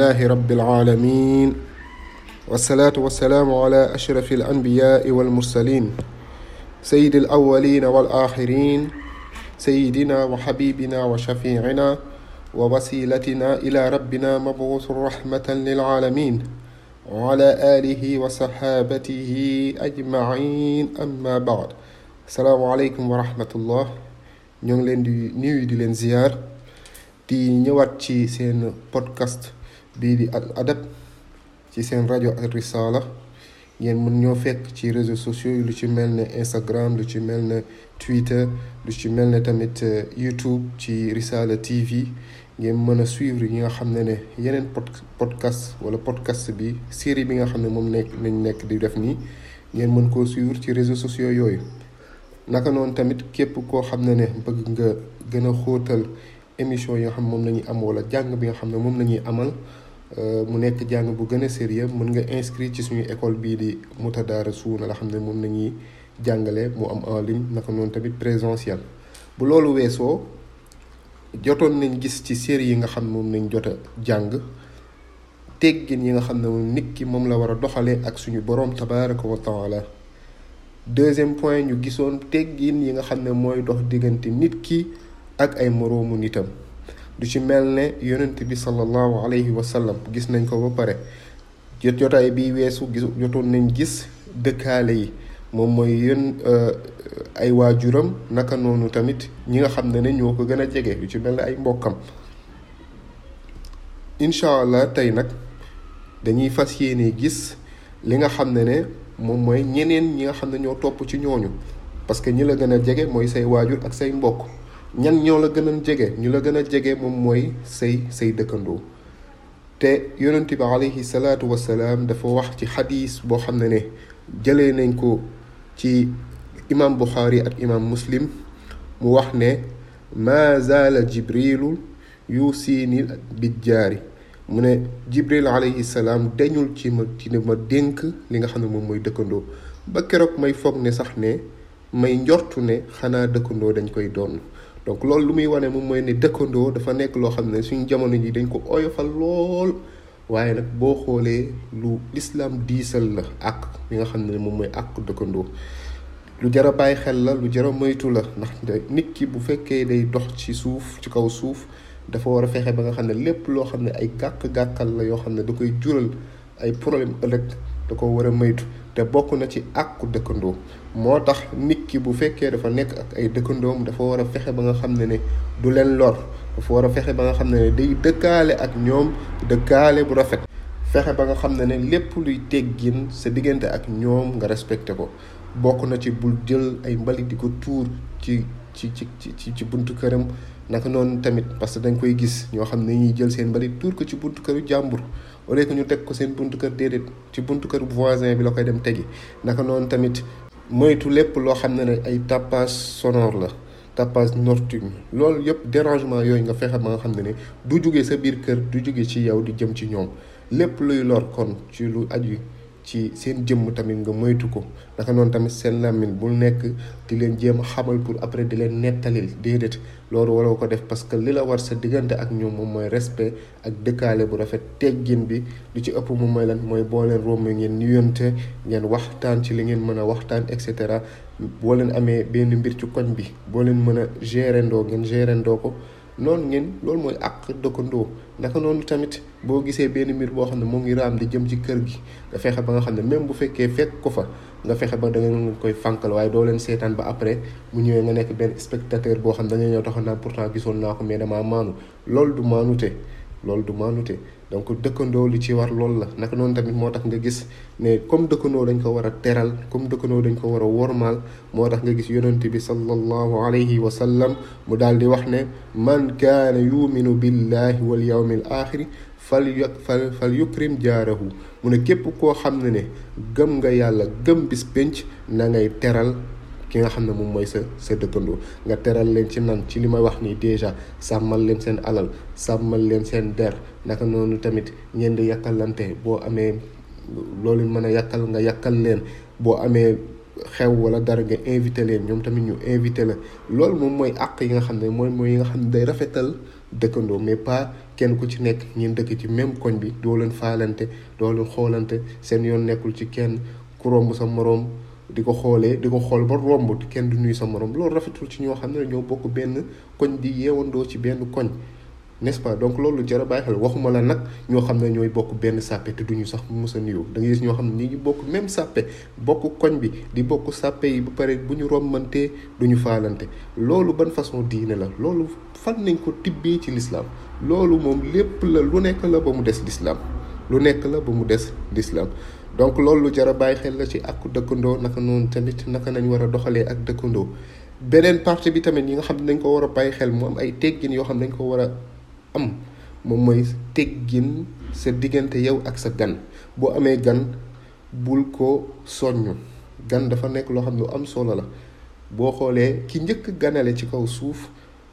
alhamdulilahi rabbil aalamiin wasalaatu wasalaamu ala ashrafi al anbiyaai wal mursaliin sayidi al awwaliina wal aaxiriin sayidina wa xabibina wa shafiicina wa wasilatina ila rabbina mabuusu rahmatan lil aalamiin wa ala aalihi wa saxaabatihi ajmaciin amma bacd salaamu aleykum wa rahmatullah ñoo ngi leen di nuyu di leen ziyaar di ñëwaat ci seen podcast bii di al adab ci seen rajo Risaala ngeen mën ñoo fekk ci réseaux sociaux yi lu ci mel ne Instagram lu ci mel ne Twitter lu ci mel ne tamit euh, YouTube ci Risaala TV ngeen mën a suivre yi nga xam ne ne yeneen pod podcast wala podcast bi série bi nga xam ne moom nekk nañ nekk di def nii ngeen mën koo suivre ci réseau sociaux yooyu. naka noonu tamit képp koo xam ne ne bëgg nga gën a xóotal émission yi nga xam moom la ñuy am wala jàng bi nga xam ne moom la ñuy amal. Euh, mu nekk jàng bu gën a sérieux mën nga inscrit ci suñu école bii di Mutadaarisuuna la xam ne moom nañuy jàngale mu am en ligne naka noonu tamit présentiel bu loolu weesoo jotoon nañ gis ci série yi nga xam moom nañ jot jàng teggin yi nga xam ne nit ki moom la war a doxalee ak suñu boroom tabaraka wa taala deuxième point ñu gisoon teggin yi nga xam ne mooy dox diggante nit ki ak ay moroomu nitam du ci mel ne yonent bi sallallahu alayhi wa sallam gis nañ ko ba pare jotaay bi weesu gis jotoon nañ gis dëkkaale yi moom mooy yéen euh, ay waajuram naka noonu tamit ñi nga xam ne ne ñoo ko gën a jege lu ci mel ne ay mbokkam incha allah tey nag dañuy fas yéene gis li nga xam ne ne moom mooy ñeneen ñi nga xam ne ñoo topp ci ñooñu parce que ñi la gën a jege mooy say waajur ak say mbokk ñan ñoo la gën a jege ñu la gën a jege moom mooy say say dëkkandoo te yonent bi alayhi salaatu dafa wax ci xadiis boo xam ne ne jëlee nañ ko ci imam buxaari ak imam muslim mu wax ne ma zaala jibrilu yusiini bi jaari mu ne jibril alayhi salaam deñul ci ma ci ma dénk li nga xam ne moom mooy dëkkandoo ba keroog may foog ne sax ne may njortu ne xanaa dëkkandoo dañ koy donn donc loolu lu muy wane moom mooy ne dëkkandoo dafa nekk loo xam ne suñu jamono ji dañ ko oyofal lool waaye nag boo xoolee lu lislaam diisal la ak li nga xam ne moom mooy ak dëkkandoo lu jar a bàyyi xel la lu jar a moytu la ndax nit ki bu fekkee day dox ci suuf ci kaw suuf dafa war a fexe ba nga xam ne lépp loo xam ne ay gàkk-gàkkal la yoo xam ne da koy jural ay problème ëllëg da ko war a moytu te bokk na ci àqu dëkkandoo moo tax nit ki bu fekkee dafa nekk ak ay dëkkandoom dafa war a fexe ba nga xam ne ne du leen lor dafa war a fexe ba nga xam ne ne day dëkkaale ak ñoom dëkkaale bu rafet fexe ba nga xam ne ne lépp luy teggin sa diggante ak ñoom nga respecté ko bokk na ci bul jël ay mbalit di ko tuur ci ci ci ci ci buntu këram naka noonu tamit parce que dañ koy gis ñoo xam ne ñuy jël seen bari tuur ko ci buntu këru jàmbur au lieu que ñu teg ko seen buntu kër déedéet ci buntu kër voisin bi la koy dem tegi naka noonu tamit moytu lépp loo xam ne ne ay tapage sonore la tapage nocturne loolu yëpp dérangement yooyu nga fexe ba nga xam ne ne du jóge sa biir kër du jóge ci yow di jëm ci ñoom lépp luy lor kon ci lu aju ci seen jëmm tamit nga moytu ko naka noonu tamit seen làmmiñ bul nekk di leen jéem xamal pour après di leen nettalil déedéet loolu waroo ko def parce que li la war sa diggante ak ñoom moom mooy respect ak dëkkaale bu rafet teggin bi lu ci ëpp mu mooy lan mooy boo leen romb ngeen nuyonte ngeen waxtaan ci li ngeen mën a waxtaan et cetera boo leen amee benn mbir ci koñ bi boo leen mën a gérendoo ngeen gérendoo ko noonu ngeen loolu mooy àq dëkkandoo naka noonu tamit boo gisee benn mbir boo xam ne moo ngi raam di jëm ci kër gi nga fexe ba nga xam ne même bu fekkee fekk ko fa nga fexe ba da ngeen koy fànkal waaye doo leen seetaan ba après mu ñëwee nga nekk benn spectateur boo xam ne dañoo ñëw taxoon naa pourtant gisoon naa ko mais damaa maanu loolu du maanute loolu du maanute donc dëkkandoo li ci war loolu la naka noonu tamit moo tax nga gis ne comme dëkkandoo dañ ko war a teral comme dëkkandoo dañ ko war a wormaal moo tax nga gis yonent bi sallallahu alayhi wa sallam mu daal di wax ne man kaana yuminu billahi wal yawmil axiri fal fal fal yukrim jaarahu mu ne képp koo xam ne ne gëm nga yàlla gëm bis pénc na ngay teral yi nga xam ne moom mooy sa sa dëkkandoo nga teral leen ci nan ci li may wax nii déjà sàmmal leen seen alal sàmmal leen seen der naka noonu tamit ngeen di yàkkalante boo amee loolu mën a yàkkal nga yàkkal leen boo amee xew wala dara nga invité leen ñoom tamit ñu invité la loolu moom mooy àq yi nga xam ne mooy mooy yi nga xam ne day rafetal dëkkandoo mais pas kenn ku ci nekk ñeen dëkk ci même koñ bi doo leen faalante doo leen xoolante seen yoon nekkul ci kenn ku romb sa moroom di ko xoolee di ko xool ba romb kenn du nuyu sa moroom loolu rafetul ci ñoo xam ne ñoo bokk benn koñ di yeewandoo ci benn koñ n'est-ce pas donc loolu jar a xel waxuma la nag ñoo xam ne ñooy bokk benn sàppe te duñu sax mos a nuyoo da ngay ñoo xam ne ñu ngi bokk même sàppe bokk koñ bi di bokk sàppe yi ba paree bu ñu rombantee ñu faalante loolu ban façon diine la loolu fan nañ ko tibbee ci lislaam loolu moom lépp la lu nekk la ba mu des lislaam lu nekk la ba mu des lislaam donc loolu lu jar a bàyyi xel la ci ak dëkkandoo naka noonu tamit naka nañ war a doxalee ak dëkkandoo beneen partie bi tamit yi nga xam ne dañ ko war a bàyyi xel mu am ay teggin yoo xam dañ ko war am moom mooy teggin sa diggante yow ak sa gan boo amee gan bul ko soññ gan dafa nekk loo xam ne lu am solo la boo xoolee ki njëkk ganale ci kaw suuf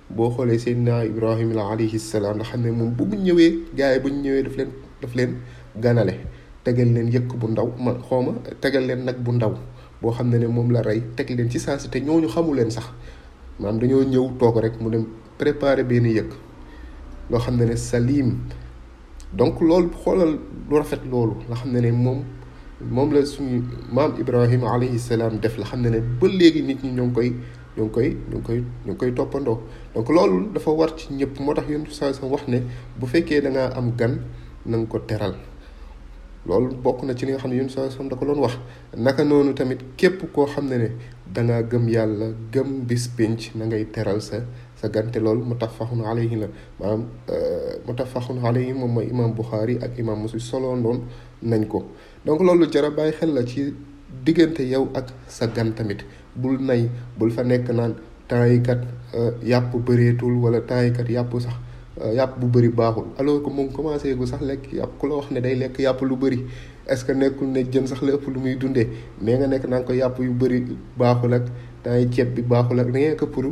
boo xoolee Seydina Ibrahima alayhi salaam nga xam ne moom bu mu ñëwee gars yi bu ñu ñëwee daf leen daf leen ganale tegal leen yëkk bu ndaw ma xooma tegal leen nag bu ndaw boo xam ne ne moom la rey teg leen ci saa si te ñu xamu leen sax maanaam dañoo ñëw toog rek mu dem préparer benn yëkk loo xam ne ne salim donc loolu xoolal lu rafet loolu nga xam ne ne moom moom la suñu maam Ibrahima alayhi salaam def la xam ne ne ba léegi nit ñi ñoo koy ñoo koy ñoo koy ñoo ngi koy toppandoo donc loolu dafa war ci ñëpp moo tax yonent saa sam wax ne bu fekkee da ngaa am gan na nga ko teral loolu bokk na ci li nga xam ne yéen saa soxna da doon wax naka noonu tamit képp koo xam ne ne da gëm yàlla gëm bis pénc na ngay teral sa sa gante loolu muttafaqun alayhi la maanaam euh, muttafaqun alayhi moom mooy imam Bukhari ak imam Muslim solo noonu nañ ko donc loolu jara bàyyi xel la ci diggante yow ak sa gan tamit bul nay bul fa nekk naan temps yi kat euh, yàpp bëreetul wala temps yàpp sax. Euh, yàpp bu bëri baaxul alors que moom commencé gu sax lekk yàpp ku la wax ne day lekk yàpp lu bëri est-ce que nekkul ne jën sax la ëpp lu muy dundee mais nga nekk naan ko yàpp yu bari baaxul ak temps yi ceeb bi baaxul ak dangay que pour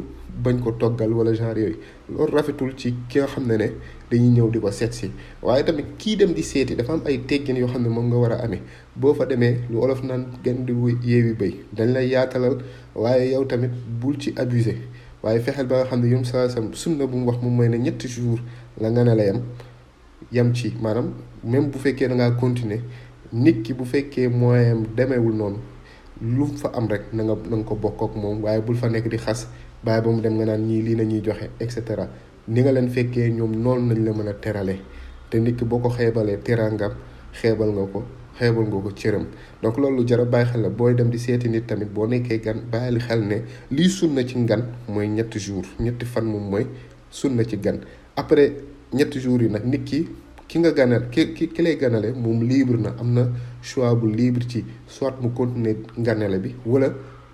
bañ ko toggal wala genre yooyu loolu rafetul ci ki nga xam ne ne dañuy ñëw di ko seet si waaye tamit kii dem di seeti dafa am ay teggin yoo xam ne moom nga war a amee boo fa demee lu olof naan gën di yeewi béy dañ lay yaatalal waaye yow tamit bul ci abusé waaye fexeel ba xam ne yom saa sam sunna bu mu wax moom mooy ne ñetti jour la nga ne la yem yem ci maanaam même bu fekkee da ngaa continuer nit ki bu fekkee mooyam demeewul noonu lu fa am rek na nga na ko bokk ak moom waaye bul fa nekk di xas baay ba mu dem nga naan ñii lii la ñuy joxe et cetera ni nga leen fekkee ñoom noonu nañ la mën a terale te nit ki boo ko xeebalee teraangam xeebal nga ko xeebul nga ko cëram donc loolu lu jar a bàyyi xel la booy dem di seeti nit tamit boo nekkee gan bàyyil xel ne lii sunna ci ngan mooy ñetti jours ñetti fan moom mooy na ci gan après ñetti jours yi nag nit ki ki nga ganal ki ki ki ganale moom libre na am na choix bu libre ci soit mu continuer nganale bi wala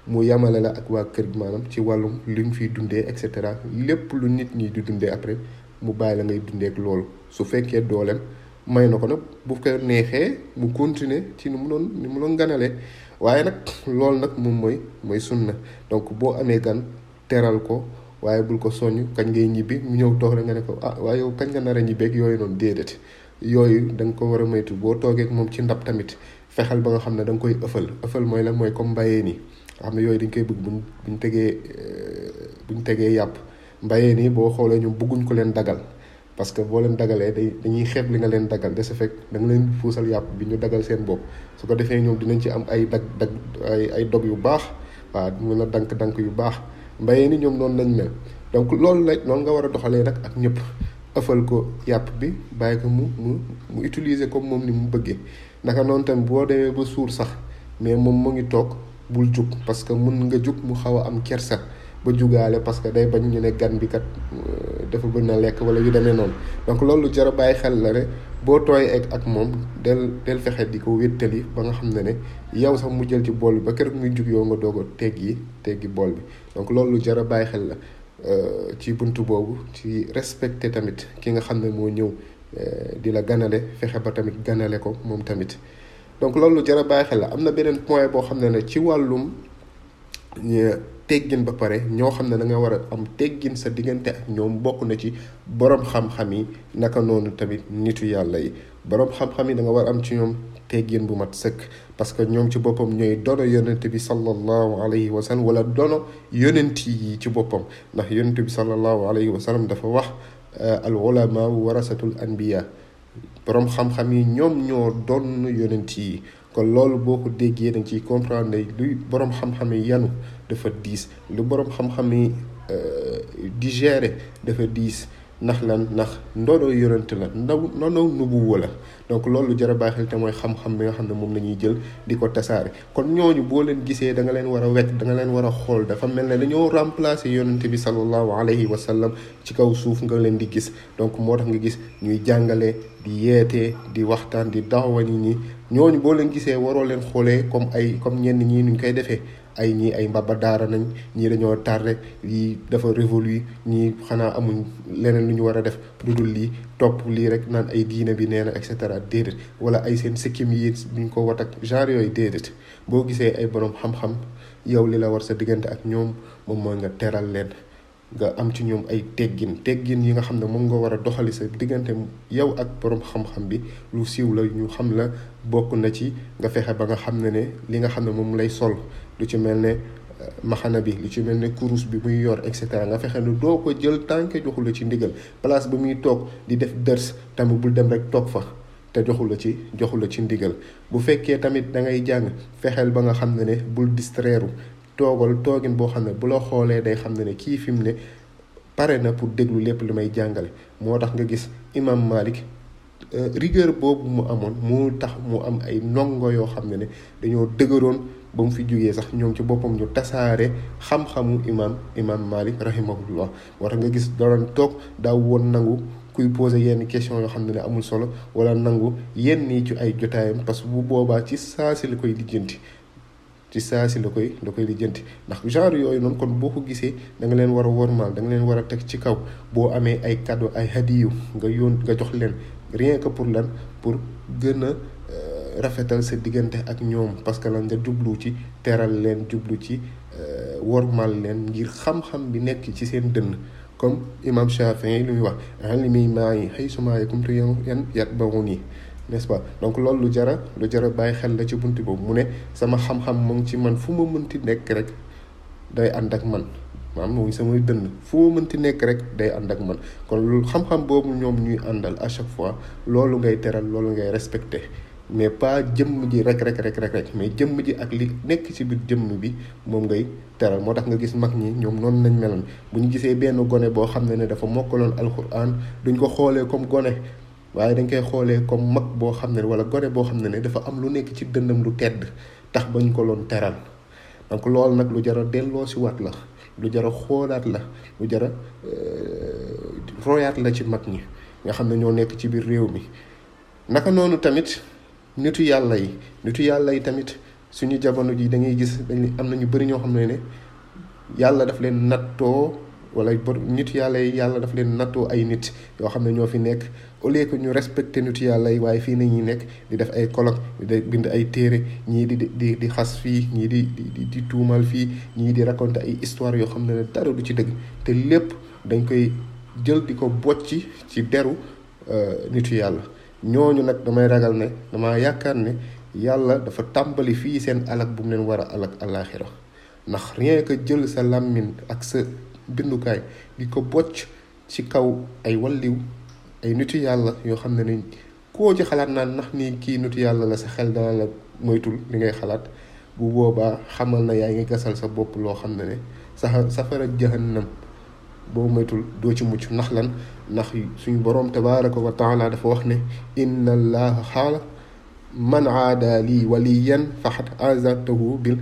mu yamale la ak waa kër gi maanaam ci wàllum li mu fiy dundee et cetera lépp lu nit ñi di dundee après mu bàyyi la ngay dundee ak loolu su fekkee dooleem. may na ko nag bu ko neexee mu continuer ci ni mu doon ni mu doon ganalee waaye nag lool nag moom mooy mooy na donc boo amee gan teral ko waaye bul ko soññ kañ ngay ñibbi mu ñëw toog rek nga ne ko ah waaye yow kañ nga nar a ñibbeeg yooyu noonu déedéet yooyu danga ko war a moytu boo toogeek moom ci ndab tamit fexeel ba nga xam ne da koy ëffal ëffal mooy lan mooy comme mbayeen yi nga xam ne yooyu dañ koy bëgg buñ buñ tegee euh, ñu tegee yàpp mbayeen nii boo xoolee ñu bëgguñ ko leen dagal parce que boo leen dagalee day dañuy xeet li nga leen dagal de ce fait da leen fuusal yàpp bi ñu dagal seen bopp su ko defee ñoom dinañ ci am ay dag dag ay ay dog yu baax waaw mun a dank-dank yu baax mbayee ni ñoom noonu lañ mel donc loolu la noonu nga war a doxalee nag ak ñëpp ëffal ko yàpp bi bàyyi ko mu mu mu utiliser comme moom ni mu bëggee naka noonu tamit boo demee ba suur sax mais moom mu ngi toog bul jug parce que mun nga jug mu xaw a am kersa ba jugaale parce que day bañ ñu ne gan bi kat euh, dafa bëgg na lekk wala yu demee noonu donc loolu jar bàyyi xel la ne boo tooy ak ak moom del del fexe di ko wéttali ba nga xam ne ne yow sax mu jël ci bool bi ba keroog muy jug yow nga doog a teggi teggi bool bi donc loolu jar a bàyyi xel la euh, ci bunt boobu ci respecté tamit ki nga xam ne moo ñëw euh, di la ganale fexe ba tamit ganale ko moom tamit donc loolu jar a bàyyi xel la am na beneen point boo xam ne ne ci wàllum teggin ba pare ñoo xam ne da nga war a am teggin sa diggante ak ñoom bokk na ci borom xam-xam yi naka noonu tamit nitu yàlla yi borom xam-xam yi da nga war a am ci ñoom teggin bu mat sëkk parce que ñoom ci boppam ñooy dono yonent bi sallallahu alayhi wa sallam wala dono yonent yi ci boppam ndax yonent bi sallallahu alayhi wa sallam dafa wax euh, al ulama warasatul anbiya borom xam-xam yi ñoom ñoo doon yonent yi kon loolu boo ko déggee dañ ciy comprendre ne luy borom xam-xam yi yanu dafa diis lu borom xam-xam yi euh, digérer dafa diis. ndax lan ndax ndono yonent la ndaw ndono nubuwa la donc loolu jara baaxel te mooy xam-xam bi nga xam ne moom la ñuy jël di ko tasaare kon ñooñu boo leen gisee da nga leen war a wekk da nga leen war a xool dafa mel ne dañoo remplacer yonent bi sallallahu alayhi wa sallam ci kaw suuf nga leen di gis donc moo tax nga gis ñuy jàngale di yeete di waxtaan di daawa nit ñi ñooñu boo leen gisee waroo leen xoolee comme ay comme ñenn ñii nuñ koy defee ay ñii ay mbaba daara nañ ñii dañoo tardé lii dafa révolu ñii xanaa amuñ leneen lu ñu war a def lu lii topp lii rek naan ay diine bi nee na et cetera déedéet wala ay seen sikkim yi buñ ko wat ak genre yooyu déedéet boo gisee ay borom xam-xam yow li la war sa diggante ak ñoom moom mooy nga teral leen nga am ci ñoom ay teggin teggin yi nga xam ne moom nga war a doxali sa diggante yow ak borom xam-xam bi lu siiw la ñu xam la bokk na ci nga fexe ba nga xam ne ne li nga xam ne moom lay sol lu ci mel ne euh, maxana bi lu ci mel ne kurus bi muy yor et cetera nga fexe ne doo ko jël tànk joxu ci ndigal place bu muy toog di def dërs tamit bul dem rek toog fa te joxula ci joxula ci ndigal bu fekkee tamit da ngay jàng fexeel ba nga xam ne ne bul distraire toogal toogin boo xam ne bu la xoolee day xam ne ne kii fi mu ne pare na pour déglu lépp lu may jàngale moo tax nga gis imam Malik Euh, rigueur boobu mu amoon mu tax mu am ay ndongo yoo xam ne ne dañoo dëgëroon ba mu fi jugee sax ñoom ci boppam ñu tasaare xam-xamu imaam imaam Malik rahimahullah war nga gis doon toog daaw woon nangu kuy poser yenn question yoo xam ne ne amul solo wala nangu yenn yi ci ay jotaayam parce que bu boobaa ci saa si la koy lijjanti ci saa si la koy la koy lijjanti ndax genre yooyu noonu kon boo ko gisee da nga leen war a wormaal da nga leen war a teg ci kaw boo amee ay cadeau ay hadiyu nga yóon nga jox leen rien que pour lan pour gën a euh, rafetal sa diggante ak ñoom parce que lan nga jublu ci teral leen jublu ci euh, wormal leen ngir xam-xam bi nekk ci seen dënn comme imam Chafi'i lu muy wax alimi maa yi xëy suma yi kumtu yan yat ba mu nii n'est-ce donc loolu lu jara lu jara bàyyi xel la ci bunt boobu mu ne sama xam-xam mu ngi ci man fu ma mënti nekk rek day ànd ak man maanaam mu samay dënn foo mënti nekk rek day ànd ak man kon loolu xam-xam boobu ñoom ñuy àndal à chaque fois loolu ngay teral loolu ngay respecté mais pas jëmm ji rek rek rek rek rek mais jëmm ji ak li nekk ci biir jëmm bi moom ngay teral moo tax nga gis mag ñi ñoom noonu lañ meloon bu ñu gisee benn gone boo xam ne ne dafa mokkaloon alxuraan duñ ko xoolee comme gone waaye dañ koy xoolee comme mag boo xam ne wala gone boo xam ne ne dafa am lu nekk ci dëndam lu tedd tax bañ ko loon teral donc loolu nag lu jar a delloo si waat la lu jar xoolaat la lu jar a euh, royaat la ci mag ñi nga xam ne ñoo nekk ci biir réew mi naka noonu tamit nitu yàlla yi nitu yàlla yi tamit suñu jamono ji da ngay gis dañ am na ñu bëri ñoo xam ne ne yàlla daf leen nattoo wala bor nit yàlla yi yàlla daf leen nattoo ay nit yoo xam ne ñoo fi nekk au lieu que ñu respecté nit yàlla waaye fii na ñuy nekk di def ay colloque di bind ay téere ñii di di di xas fii ñii di di di tuumal fii ñii di raconter ay histoire yoo xam ne dara du ci dëgg te lépp dañ koy jël di ko bocci ci deru euh, nitu yàlla ñooñu nag damay ragal ne dama yaakaar ne yàlla dafa tàmbali fii seen alak bu mu leen war a alak àllaaxira ndax rien jël sa làmmiñ ak sa bindukaay di ko bocc ci kaw ay walliw ay nitu yàlla yoo xam ne ni koo ci xalaat naan nax ni kii nitu yàlla la sa xel dana la moytul li ngay xalaat bu boobaa xamal na yaa ngi gasal sa bopp loo xam ne ne sa safara jahannam boo moytul doo ci mucc ndax lan ndax suñu boroom tabaraka wa taala dafa wax ne inna allaha xaala man aada lii waliyan faxat azartahu bil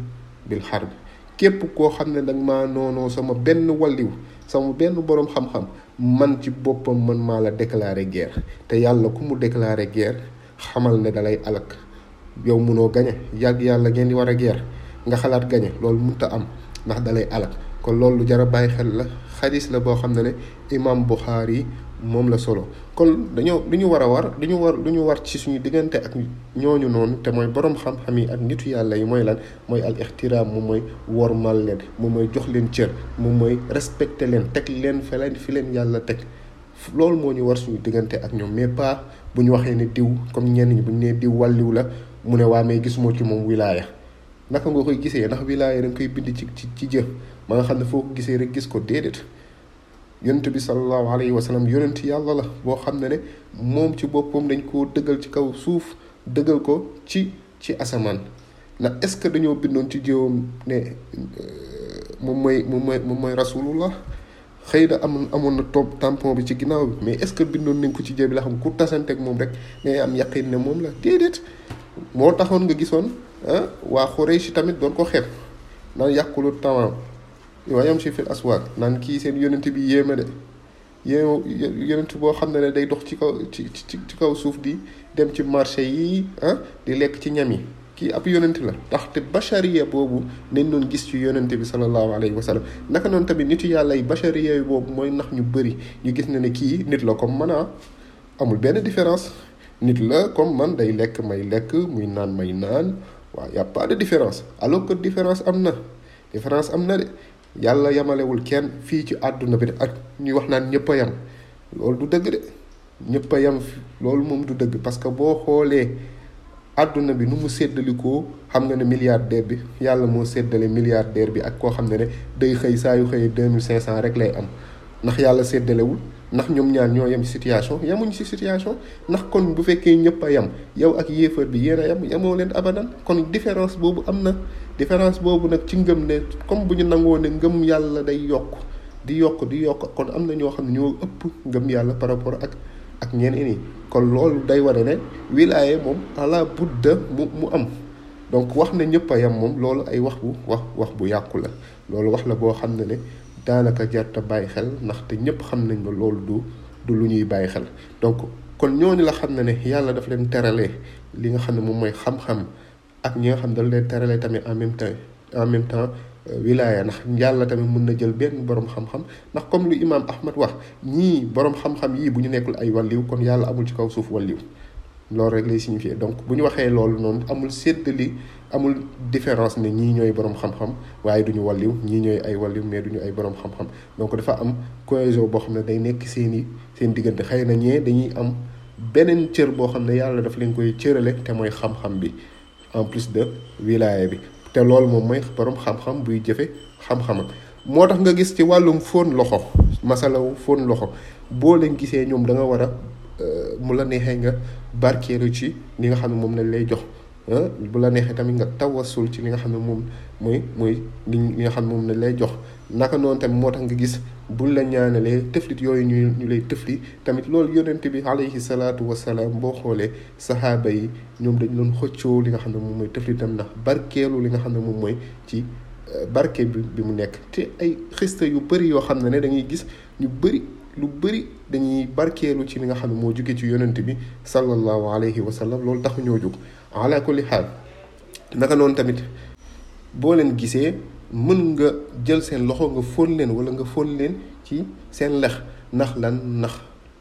bil xarb képp koo xam ne danga maa noonoo sama benn walliw sama benn boroom xam-xam man ci boppam mën maa la déclarer guerre te yàlla ku mu déclarer guerre xamal ne dalay alak yow munoo gañe yàgg yàlla ngeen di war a guerre nga xalaat gañe loolu munta am ndax dalay alak kon loolu lu jar a bàyyi xel la xadis la boo xam ne ne imam yi moom la solo kon dañoo lu ñu war a war lu ñu war lu ñu war ci suñu diggante ak ñooñu noonu te mooy borom xam-xam yi ak nitu yàlla yi mooy lan mooy al ixtiraam moom mooy wormal leen moom mooy jox leen cër moom mooy respecté leen teg leen feleen fi leen yàlla teg loolu moo ñu war suñu diggante ak ñoom mais pas bu ñu waxee ne diw comme ñenn ñi bu ñu nee diw wàlliw la mu ne waa may gisuma ci moom wilaaya naka ngoo koy gisee ndax wilaaya da nga koy bind ci ci ci jëf ba nga xam ne foo ko gisee rek gis ko déedéet yonent bi sallallahu alayhi wa sallam yonent yàlla la boo xam ne ne moom ci boppam dañ ko dëggal ci kaw suuf dëggal ko ci ci asamaan ndax est-ce que dañoo bindoon ci jiwam ne euh, moom mooy moom mooy moom mooy rasulullah xëy na amoon amoon na topp tampon bi ci ginnaaw bi mais est-ce que bindoon nañ ko ci jéem la xam ku tasanteeg moom rek ne am yaqin ne moom la déedéet moo taxoon nga gisoon ah waa Xuraysh tamit doon ko xeeb naan yàqulu tamaam wa si fil aswaaq naan kii seen yonent bi yéeme de yéen yonent boo xam ne ne day dox ci kaw ci ci kaw suuf di dem ci marché yi ah di lekk ci ñam yi kii ab yonent la tax te bachariya boobu nañ doon gis ci yonent bi sallallahu alayhi wa sallam naka noonu tamit nit nitu yàlla yi bachariya boobu mooy nax ñu bëri ñu gis ne ne kii nit la comme man ah. amul benn différence nit la comme man day lekk may lekk muy naan may naan waaw y a différence alors que différence am na différence am na yàlla yamalewul kenn fii ci àdduna bi de ak ñuy wax naan ñëpp a yem du dëgg de ñëpp a yem loolu moom du dëgg parce que boo xoolee àdduna bi nu mu séddalikoo xam nga ne milliardaire bi yàlla moo séddale milliardaire bi ak koo xam ne ne day xëy saa yu xëy deux mille cinq cent rek lay am ndax yàlla séddalewul ndax ñoom ñaan ñoo yem situation yemuñ si situation ndax kon bu fekkee ñëpp a yem yow ak yéefar bi yéen a yem yemoo leen abadan kon différence boobu am na différence boobu nag ci ngëm ne comme bu ñu nangoo ne ngëm yàlla day yokk di yokk di yokk kon am na ñoo xam ne ñoo ëpp ngëm yàlla par rapport ak ak ñeneen yi kon loolu day wane ne wilaaye moom ala budda mu mu am donc wax na ñëpp a yem moom loolu ay wax bu wax wax bu yàqu la loolu wax la boo xam ne ne daanaka jarta bàyyi xel ndaxte ñëpp xam nañ ne loolu du du lu ñuy bàyyi xel donc kon ñooñu la xam ne ne yàlla daf leen terale li nga xam ne moom mooy xam-xam ak ñi nga xam dañ leen terale tamit en même temps en même temps euh, wilaaya ndax yàlla tamit mën na jël benn borom xam-xam ndax comme lu imaam Ahmad wax ñii borom xam-xam yii bu ñu nekkul ay walliw kon yàlla amul ci kaw suuf walliw loolu rek lay signifier donc bu ñu waxee loolu noonu amul séddali amul différence ni ñi ñooy borom xam-xam waaye du ñu walliw ñii ñooy ay walliw mais du ñu ay borom xam-xam donc dafa am cohésion boo xam ne day nekk seen i seen diggante xëy na ñee dañuy am beneen cër boo xam ne yàlla daf leen koy cërale te mooy xam-xam bi en plus de wilaya bi te loolu moom mooy borom xam-xam buy jëfe xam-xamam moo tax nga gis ci wàllum fóon loxo masalawu fóon loxo boo leen gisee ñoom da nga war a Euh, mu la neexee nga barkeelu ci li nga xam ne moom lañ lay jox bu la neexee tamit nga tawasul ci li nga xam ne moom mooy mooy li nga xam ne moom lañ lay jox naka noonu tamit moo tax nga gis buñ la ñaanalee tëflit yooyu ñu ñu lay tëfli tamit loolu yonent bi alayhi salaatu wasalaam boo xoolee saxaaba yi ñoom dañ doon xëccoo li nga xam ne moom mooy tëflitam ndax barkeelu li nga xam ne moom mooy ci euh, barke bi bi mu nekk te ay xista yu bëri yoo xam ne ne dañuy gis ñu bëri lu bëri dañuy barkeelu ci li nga xam ne moo jóge ci yonent bi sallallahu alayhi wa sallam loolu taxu ñoo jóg ala kulli xaal naka noonu tamit boo leen gisee mën nga jël seen loxo leen wala nga fóon leen ci seen lex ndax lan ndax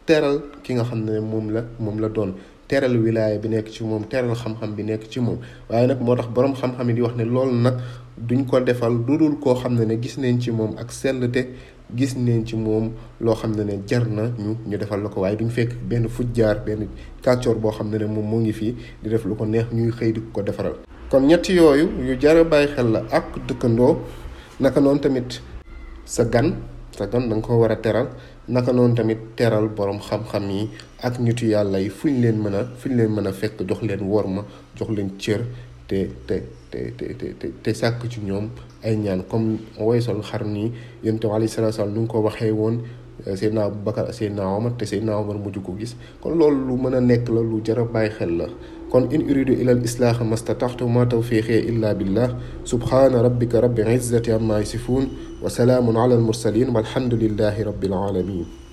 teral ki nga xam ne moom la moom la doon teral wilaaya bi nekk ci moom teral xam-xam bi nekk ci moom waaye nag moo tax boroom xam-xam yi di wax ne loolu nag duñ ko defal dudul koo xam ne ne gis nañ ci moom ak sellte gis neen ci moom loo xam ne ne jar na ñu ñu defal la ko waaye duñ fekk benn fujjaar benn kàccoor boo xam ne ne moom moo ngi fii di def lu ko neex ñuy xëy di ko defaral kon ñetti yooyu yu jar a bàyyi xel la ak dëkkandoo naka noonu tamit sa gan sa gan da ko war a teral naka noonu tamit teral borom xam-xam yi ak nitu yàlla yi fu ñu leen mën a fu ñu leen mën a fekk jox leen worma jox leen cër te te te te te te sàkk ci ñoom ay ñaan comme woyesal xar nii yonent bi alayhi salaatu salaam nu ngi ko waxee woon euh, Seydina Abubakar Seydina Omar te Seydina Omar mujj ko gis kon loolu lu mën a nekk la lu jar a bàyyi xel la kon in uridu ila al islaaha mastataxtu ma tawfiqi illa billah subhaana rabbika rabbil izzati amma yasifun wa salaamun ala al mursalin walhamdulillahi rabbil alamin